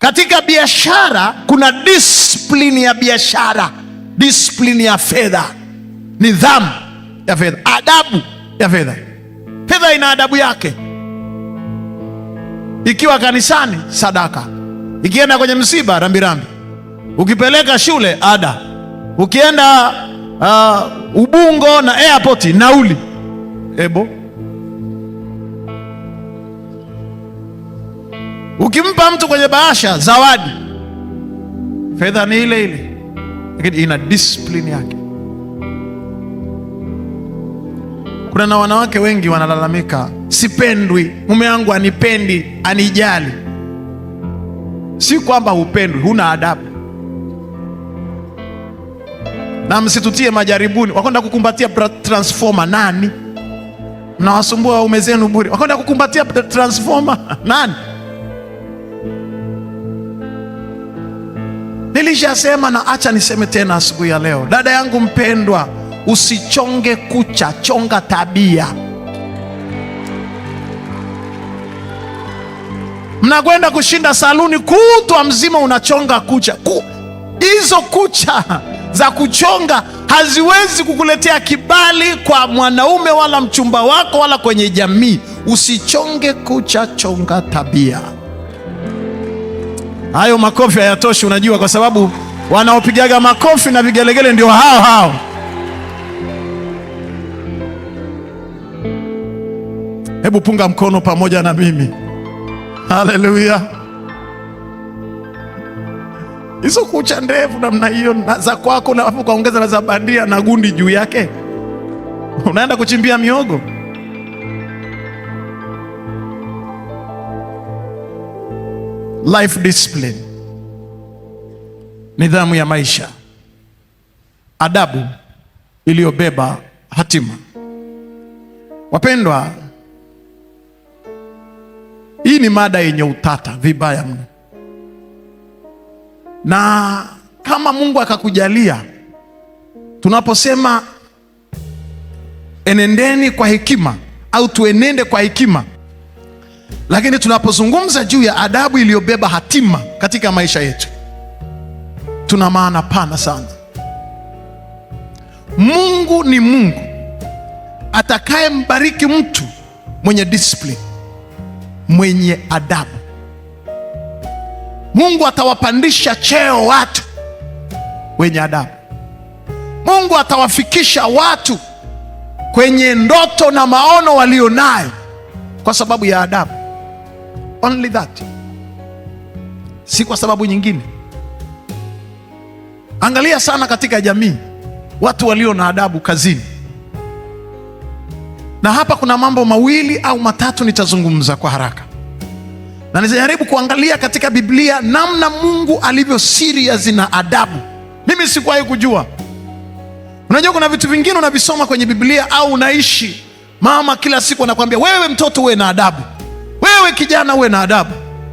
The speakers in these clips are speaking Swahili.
Katika biashara kuna disiplini ya biashara, disiplini ya fedha, nidhamu ya fedha, adabu ya fedha. Fedha ina adabu yake. Ikiwa kanisani, sadaka; ikienda kwenye msiba, rambirambi; ukipeleka shule, ada; ukienda uh, Ubungo na airport, nauli. Ebo Ukimpa mtu kwenye bahasha zawadi, fedha ni ile ile, lakini ina discipline yake. Kuna na wanawake wengi wanalalamika, sipendwi, mume wangu anipendi, anijali. Si kwamba hupendwi, huna adabu. Na msitutie majaribuni, wakwenda kukumbatia transformer nani? Mnawasumbua waume zenu bure, wakwenda kukumbatia transformer nani? Nilishasema na acha niseme tena asubuhi ya leo, dada yangu mpendwa, usichonge kucha, chonga tabia. Mnakwenda kushinda saluni kutwa mzima, unachonga kucha hizo kucha za kuchonga haziwezi kukuletea kibali kwa mwanaume wala mchumba wako wala kwenye jamii. Usichonge kucha, chonga tabia. Hayo makofi hayatoshi, unajua, kwa sababu wanaopigaga makofi na vigelegele ndio hao hao. Hebu punga mkono pamoja na mimi. Haleluya! hizo kucha ndefu namna hiyo za kwako, na alafu kaongeza na za bandia na gundi juu yake, unaenda kuchimbia miogo. life discipline, nidhamu ya maisha, adabu iliyobeba hatima. Wapendwa, hii ni mada yenye utata vibaya mno, na kama Mungu akakujalia, tunaposema enendeni kwa hekima au tuenende kwa hekima lakini tunapozungumza juu ya adabu iliyobeba hatima katika maisha yetu, tuna maana pana sana. Mungu ni Mungu atakayembariki mtu mwenye discipline, mwenye adabu. Mungu atawapandisha cheo watu wenye adabu. Mungu atawafikisha watu kwenye ndoto na maono nayo kwa sababu ya adabu. Only that, si kwa sababu nyingine. Angalia sana katika jamii watu walio na adabu kazini, na hapa kuna mambo mawili au matatu nitazungumza kwa haraka, na nijaribu kuangalia katika Biblia namna Mungu alivyo serious na adabu. Mimi sikuwahi kujua. Unajua, kuna vitu vingine unavisoma kwenye Biblia au unaishi, mama kila siku anakuambia wewe, mtoto uwe na adabu wewe kijana uwe na adabu,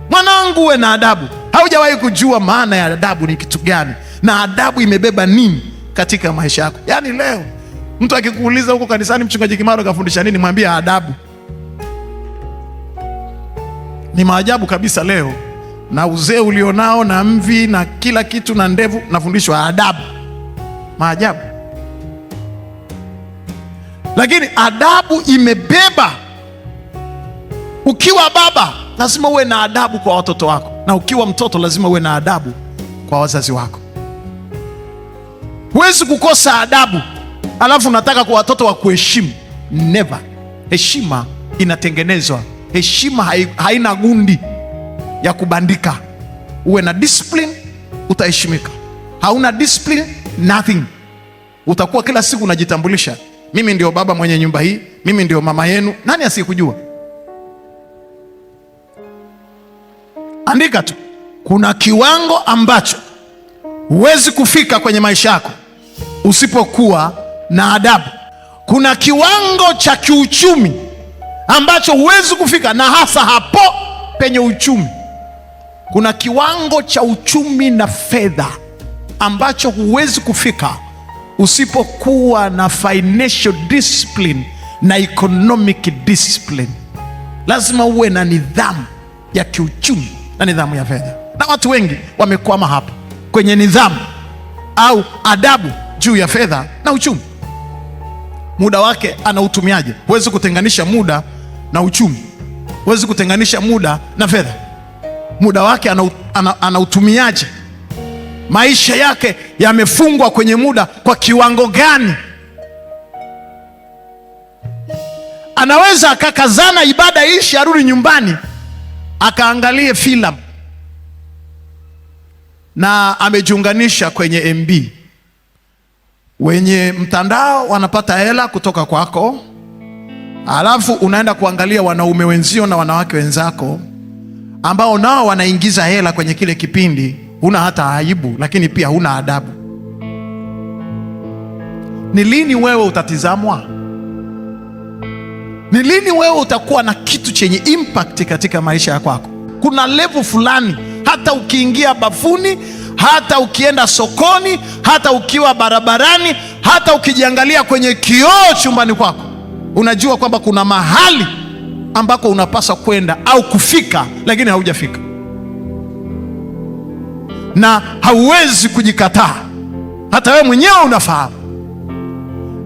mwanangu uwe na adabu. Haujawahi kujua maana ya adabu ni kitu gani na adabu imebeba nini katika maisha yako. Yaani leo mtu akikuuliza huko kanisani, mchungaji Kimaro kafundisha nini, mwambie adabu. Ni maajabu kabisa leo na uzee ulionao na mvi na kila kitu na ndevu, nafundishwa adabu. Maajabu, lakini adabu imebeba ukiwa baba, lazima uwe na adabu kwa watoto wako, na ukiwa mtoto lazima uwe na adabu kwa wazazi wako. Huwezi kukosa adabu alafu unataka kwa watoto wa kuheshimu. Never. Heshima inatengenezwa, heshima haina gundi ya kubandika. Uwe na discipline, utaheshimika. Hauna discipline, nothing. Utakuwa kila siku unajitambulisha, mimi ndio baba mwenye nyumba hii, mimi ndio mama yenu. Nani asiyekujua? andika tu, kuna kiwango ambacho huwezi kufika kwenye maisha yako usipokuwa na adabu. Kuna kiwango cha kiuchumi ambacho huwezi kufika, na hasa hapo penye uchumi. Kuna kiwango cha uchumi na fedha ambacho huwezi kufika usipokuwa na financial discipline na economic discipline. Lazima uwe na nidhamu ya kiuchumi na nidhamu ya fedha, na watu wengi wamekwama hapa kwenye nidhamu au adabu juu ya fedha na uchumi. Muda wake anautumiaje? Huwezi kutenganisha muda na uchumi, huwezi kutenganisha muda na fedha. Muda wake anautumiaje? Maisha yake yamefungwa kwenye muda kwa kiwango gani? Anaweza akakazana ibada ishi, arudi nyumbani akaangalie filamu na amejiunganisha kwenye MB. Wenye mtandao wanapata hela kutoka kwako, alafu unaenda kuangalia wanaume wenzio na wanawake wenzako ambao nao wanaingiza hela kwenye kile kipindi. Huna hata aibu, lakini pia huna adabu. Ni lini wewe utatizamwa? Ni lini wewe utakuwa na kitu chenye impact katika maisha ya kwako? Kuna level fulani, hata ukiingia bafuni, hata ukienda sokoni, hata ukiwa barabarani, hata ukijiangalia kwenye kioo chumbani kwako, unajua kwamba kuna mahali ambako unapaswa kwenda au kufika, lakini haujafika, na hauwezi kujikataa. Hata wewe mwenyewe unafahamu,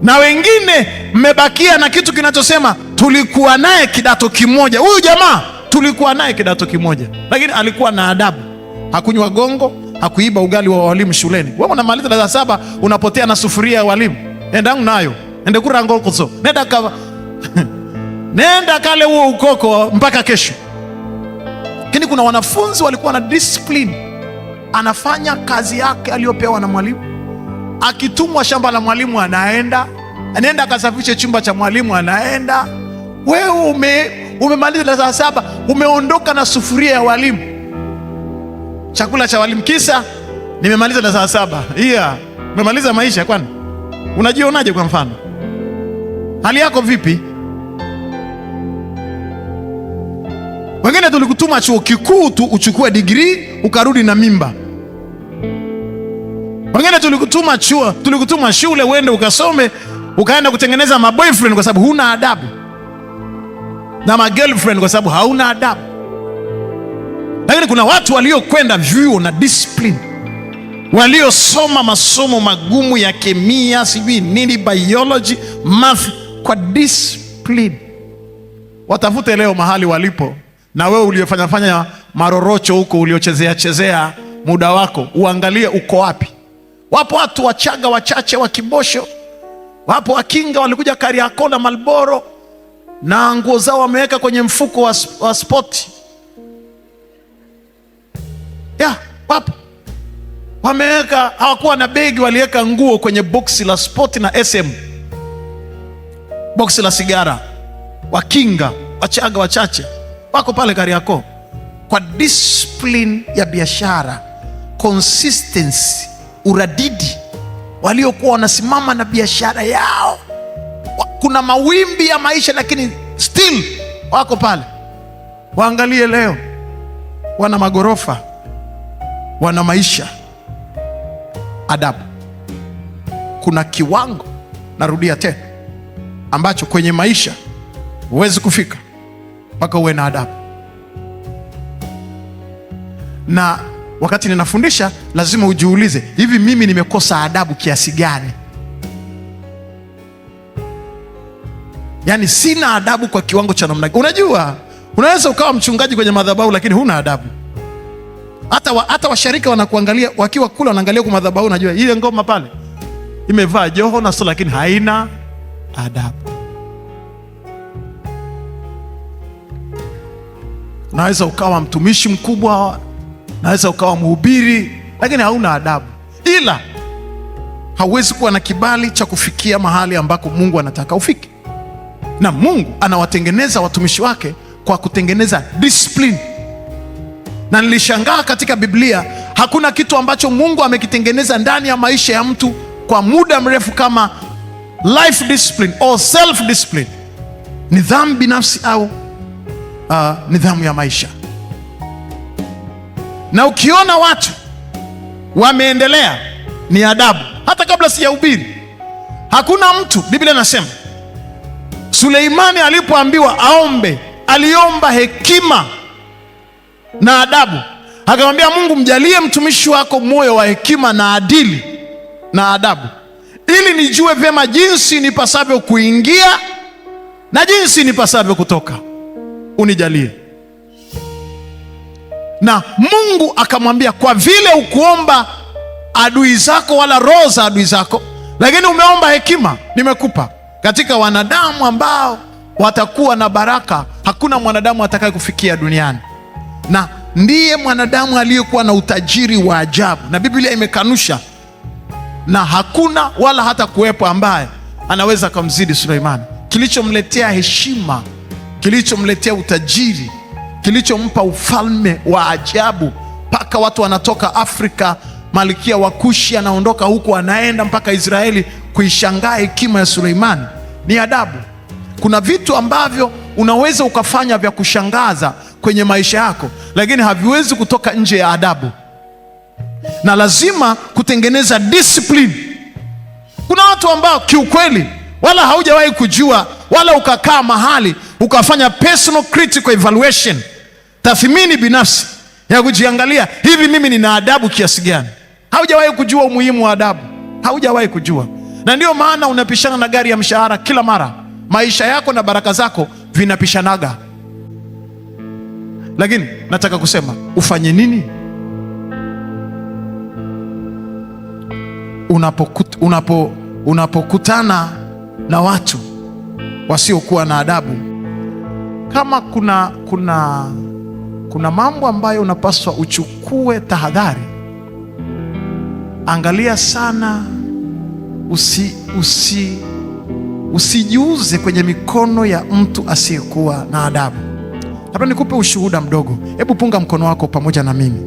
na wengine mmebakia na kitu kinachosema tulikuwa naye kidato kimoja. Huyu jamaa tulikuwa naye kidato kimoja, lakini alikuwa na adabu. Hakunywa gongo, hakuiba ugali wa walimu shuleni. Wewe unamaliza darasa saba unapotea na sufuria ya walimu, endangu nayo ende kura ngokoso nenda kava nenda kale huo ukoko mpaka kesho. Lakini kuna wanafunzi walikuwa na discipline, anafanya kazi yake aliyopewa na mwalimu, akitumwa shamba la mwalimu anaenda, anaenda akasafishe chumba cha mwalimu anaenda wewe ume, umemaliza darasa la saba umeondoka na sufuria ya walimu, chakula cha walimu, kisa nimemaliza darasa la saba. Yeah, umemaliza maisha. Kwani unajionaje? Kwa mfano hali yako vipi? Wengine tulikutuma chuo kikuu tu uchukue digrii ukarudi na mimba. Wengine tulikutuma chuo, tulikutuma shule uende ukasome ukaenda kutengeneza maboyfriend kwa sababu huna adabu na magirlfriend kwa sababu hauna adabu. Lakini kuna watu waliokwenda vyuo na discipline, waliosoma masomo magumu ya kemia, sijui nini, biology, math kwa discipline. Watafute leo mahali walipo, na wewe uliofanyafanya marorocho huko, uliochezea chezea muda wako, uangalie uko wapi. Wapo watu Wachaga wachache wa Kibosho, wapo Wakinga walikuja Kariakoo na Malboro na nguo zao wameweka kwenye mfuko wa, wa spoti ya wapo wameweka, hawakuwa na begi, waliweka nguo kwenye boksi la spoti na SM, boksi la sigara. Wakinga wachaga wachache wako pale Kariakoo kwa discipline ya biashara, consistency, uradidi, waliokuwa wanasimama na biashara yao kuna mawimbi ya maisha, lakini still wako pale. Waangalie leo, wana magorofa, wana maisha. Adabu, kuna kiwango, narudia tena, ambacho kwenye maisha huwezi kufika mpaka uwe na adabu. Na wakati ninafundisha lazima ujiulize, hivi mimi nimekosa adabu kiasi gani? Yaani sina adabu kwa kiwango cha namna. Unajua, unaweza ukawa mchungaji kwenye madhabahu lakini huna adabu. Hata wa, hata washirika wanakuangalia wakiwa kula wanaangalia kwa madhabahu, unajua ile ngoma pale imevaa joho na so, lakini haina adabu. Naweza ukawa mtumishi mkubwa, naweza ukawa mhubiri lakini hauna adabu, ila hauwezi kuwa na kibali cha kufikia mahali ambako Mungu anataka ufike na Mungu anawatengeneza watumishi wake kwa kutengeneza discipline. Na nilishangaa katika Biblia hakuna kitu ambacho Mungu amekitengeneza ndani ya maisha ya mtu kwa muda mrefu kama life discipline or self discipline, nidhamu binafsi au uh, nidhamu ya maisha. Na ukiona watu wameendelea, ni adabu. Hata kabla sijahubiri, hakuna mtu, Biblia inasema Suleimani alipoambiwa aombe, aliomba hekima na adabu, akamwambia Mungu, mjalie mtumishi wako moyo wa hekima na adili na adabu, ili nijue vyema jinsi nipasavyo kuingia na jinsi nipasavyo kutoka, unijalie. Na Mungu akamwambia, kwa vile ukuomba adui zako wala roho za adui zako, lakini umeomba hekima, nimekupa katika wanadamu ambao watakuwa na baraka, hakuna mwanadamu atakaye kufikia duniani, na ndiye mwanadamu aliyekuwa na utajiri wa ajabu, na Biblia imekanusha na hakuna wala hata kuwepo ambaye anaweza kumzidi Suleimani. Kilichomletea heshima, kilichomletea utajiri, kilichompa ufalme wa ajabu, mpaka watu wanatoka Afrika, malkia wa Kushi anaondoka huku anaenda mpaka Israeli kuishangaa hekima ya Suleimani ni adabu. Kuna vitu ambavyo unaweza ukafanya vya kushangaza kwenye maisha yako, lakini haviwezi kutoka nje ya adabu, na lazima kutengeneza discipline. Kuna watu ambao kiukweli wala haujawahi kujua wala ukakaa mahali ukafanya personal critical evaluation, tathmini binafsi ya kujiangalia, hivi mimi nina adabu kiasi gani? Haujawahi kujua umuhimu wa adabu, haujawahi kujua na ndio maana unapishana na gari ya mshahara kila mara, maisha yako na baraka zako vinapishanaga. Lakini nataka kusema ufanye nini unapokut, unapo, unapokutana na watu wasiokuwa na adabu. Kama kuna, kuna, kuna mambo ambayo unapaswa uchukue tahadhari, angalia sana usi, usi, usijiuze kwenye mikono ya mtu asiyekuwa na adabu. Labda nikupe ushuhuda mdogo. Hebu punga mkono wako pamoja na mimi,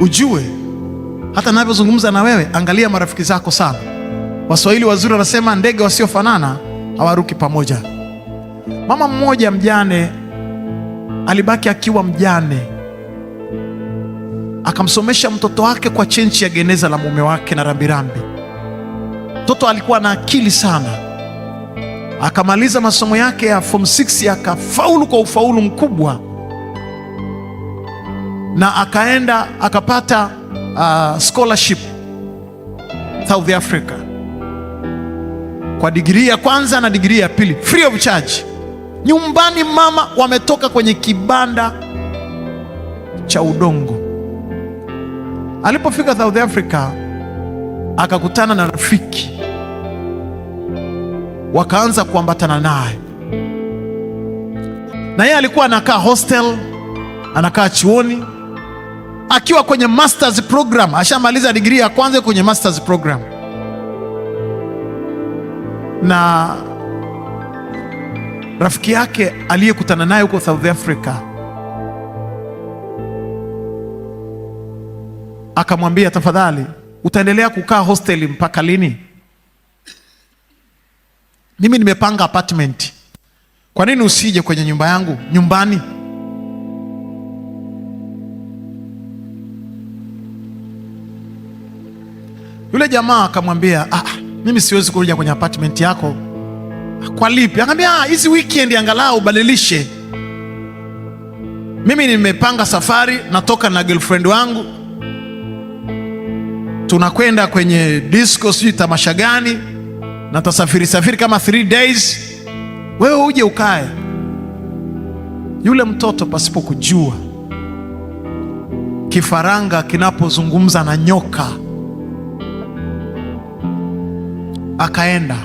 ujue hata navyozungumza na wewe, angalia marafiki zako sana. Waswahili wazuri wanasema ndege wasiofanana hawaruki pamoja. Mama mmoja mjane alibaki akiwa mjane akamsomesha mtoto wake kwa chenchi ya geneza la mume wake na rambirambi. Mtoto alikuwa na akili sana, akamaliza masomo yake ya form 6 akafaulu kwa ufaulu mkubwa, na akaenda akapata uh, scholarship South Africa kwa digirii ya kwanza na digrii ya pili free of charge. Nyumbani mama wametoka kwenye kibanda cha udongo Alipofika South Africa akakutana na rafiki, wakaanza kuambatana naye, na yeye alikuwa anakaa hostel, anakaa chuoni, akiwa kwenye masters program, ashamaliza digrii ya kwanza kwenye masters program, na rafiki yake aliyekutana naye huko South Africa akamwambia, tafadhali, utaendelea kukaa hosteli mpaka lini? Mimi nimepanga apartment, kwa nini usije kwenye nyumba yangu nyumbani? Yule jamaa akamwambia, ah, ah mimi siwezi kuja kwenye apartment yako. Kwa lipi? Akamwambia, ah, hizi weekend angalau ubadilishe. Mimi nimepanga safari, natoka na girlfriend wangu tunakwenda kwenye disco, sijui tamasha gani, na tasafiri safiri kama 3 days, wewe uje ukae yule mtoto pasipo kujua Kifaranga kinapozungumza na nyoka, akaenda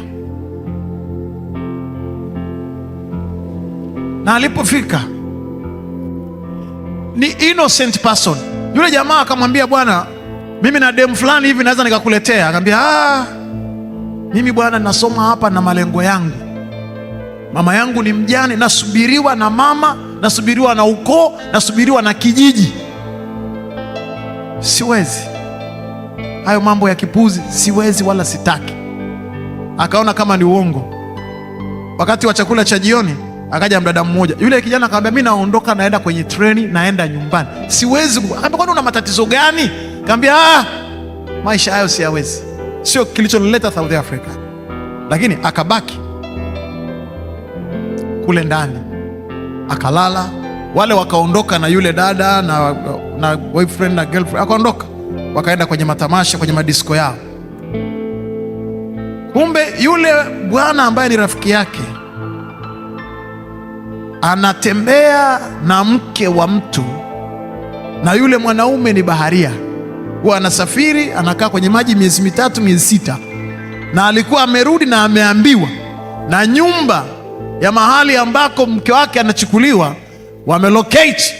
na alipofika ni innocent person. Yule jamaa akamwambia bwana mimi na demu fulani hivi naweza nikakuletea. Akaambia ah, mimi bwana, nasoma hapa na malengo yangu, mama yangu ni mjane, nasubiriwa na mama, nasubiriwa na ukoo, nasubiriwa na kijiji, siwezi hayo mambo ya kipuzi, siwezi wala sitaki. Akaona kama ni uongo. Wakati wa chakula cha jioni akaja mdada mmoja, yule kijana akamwambia, mimi naondoka, naenda kwenye treni, naenda nyumbani, siwezi. Akaambia, ah, kwani una matatizo gani? Kaambia ah, maisha hayo siyawezi, sio kilichonileta South Africa. Lakini akabaki kule ndani akalala, wale wakaondoka na yule dada na, na boyfriend na girlfriend akaondoka, wakaenda kwenye matamasha, kwenye madisko yao. Kumbe yule bwana ambaye ni rafiki yake anatembea na mke wa mtu, na yule mwanaume ni baharia huwa anasafiri anakaa kwenye maji miezi mitatu miezi sita, na alikuwa amerudi na ameambiwa na nyumba ya mahali ambako mke wake anachukuliwa wamelocate,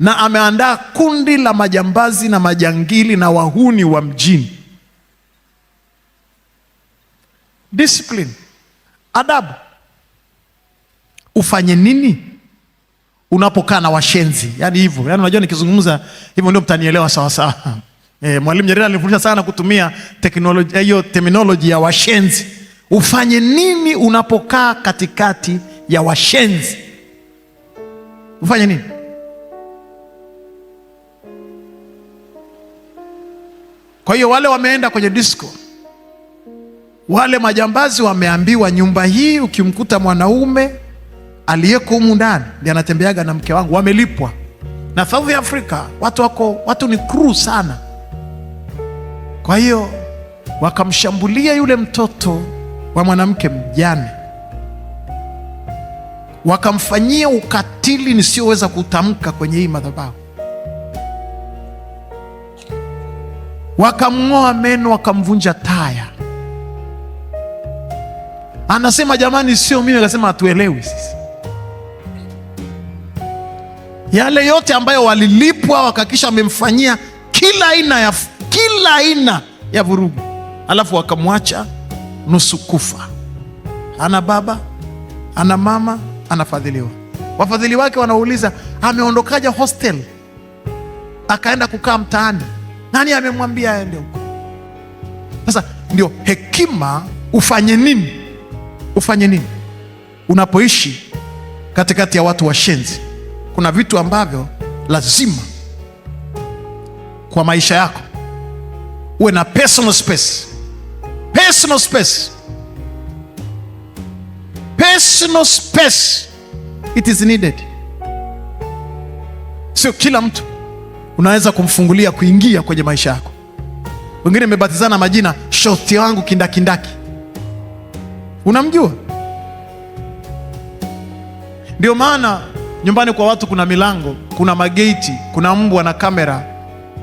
na ameandaa kundi la majambazi na majangili na wahuni wa mjini. Discipline, adabu. Ufanye nini unapokaa na washenzi? yani hivyo, yani unajua, nikizungumza hivyo ndio mtanielewa sawasawa. E, Mwalimu Nyerere alifundisha sana kutumia teknolojia eh, hiyo terminology ya washenzi. Ufanye nini unapokaa katikati ya washenzi? Ufanye nini? Kwa hiyo wale wameenda kwenye disco, wale majambazi wameambiwa, nyumba hii ukimkuta mwanaume aliyeko humu ndani ndiye anatembeaga na mke wangu. Wamelipwa na South Africa, watu wako watu ni crew sana kwa hiyo wakamshambulia yule mtoto wa mwanamke mjane, wakamfanyia ukatili nisiyoweza kutamka kwenye hii madhabahu, wakamng'oa meno, wakamvunja taya. Anasema jamani, sio mimi. Akasema hatuelewi sisi yale yote ambayo walilipwa, wakakisha wamemfanyia kila aina ya kila aina ya vurugu, alafu wakamwacha nusu kufa. Ana baba ana mama, anafadhiliwa. Wafadhili wake wanauliza ameondokaja hostel akaenda kukaa mtaani? Nani amemwambia aende huko? Sasa ndio hekima, ufanye nini? Ufanye nini unapoishi katikati ya watu washenzi? Kuna vitu ambavyo lazima kwa maisha yako uwe na personal space. Personal space. Personal space. It is needed. Sio kila mtu unaweza kumfungulia kuingia kwenye maisha yako. Wengine mmebatizana majina, shoti wangu kindakindaki, unamjua? Ndio maana nyumbani kwa watu kuna milango, kuna mageti, kuna mbwa na kamera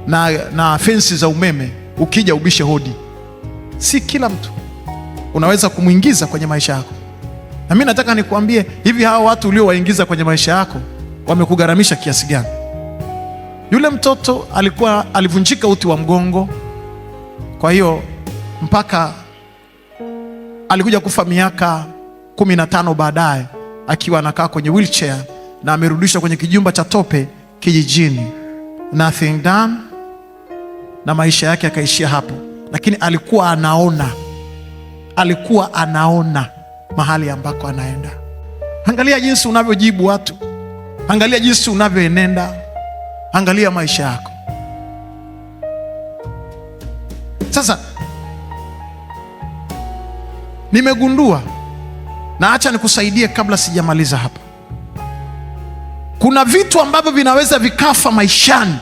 na, na fensi za umeme ukija ubishe hodi. Si kila mtu unaweza kumwingiza kwenye maisha yako, na mi nataka nikuambie hivi, hawa watu uliowaingiza kwenye maisha yako wamekugharamisha kiasi gani? Yule mtoto alikuwa alivunjika uti wa mgongo, kwa hiyo mpaka alikuja kufa miaka kumi na tano baadaye akiwa anakaa kwenye wheelchair na amerudishwa kwenye kijumba cha tope kijijini. Nothing done na maisha yake yakaishia hapo, lakini alikuwa anaona, alikuwa anaona mahali ambako anaenda. Angalia jinsi unavyojibu watu, angalia jinsi unavyoenenda, angalia maisha yako. Sasa nimegundua, na acha nikusaidie kabla sijamaliza hapa. Kuna vitu ambavyo vinaweza vikafa maishani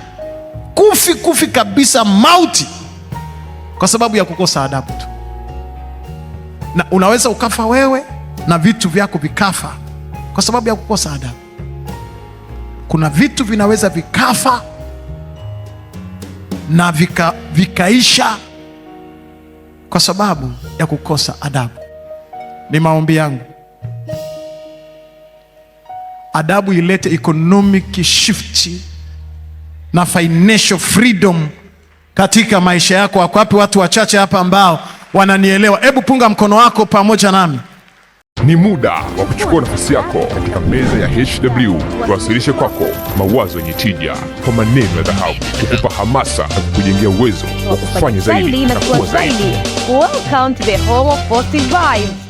kufi kufi kabisa, mauti, kwa sababu ya kukosa adabu tu. Na unaweza ukafa wewe na vitu vyako vikafa kwa sababu ya kukosa adabu. Kuna vitu vinaweza vikafa na vika, vikaisha kwa sababu ya kukosa adabu. Ni maombi yangu adabu ilete economic shift na financial freedom katika maisha yako. Wako wapi watu wachache hapa ambao wananielewa? Hebu punga mkono wako pamoja nami. Ni muda wa kuchukua nafasi yako katika meza ya HW, tuwasilishe kwako mawazo yenye tija kwa maneno ya dhahabu, kukupa hamasa na kukujengea uwezo wa kufanya zaidi na kuwa zaidi. Welcome to the home of positive vibes.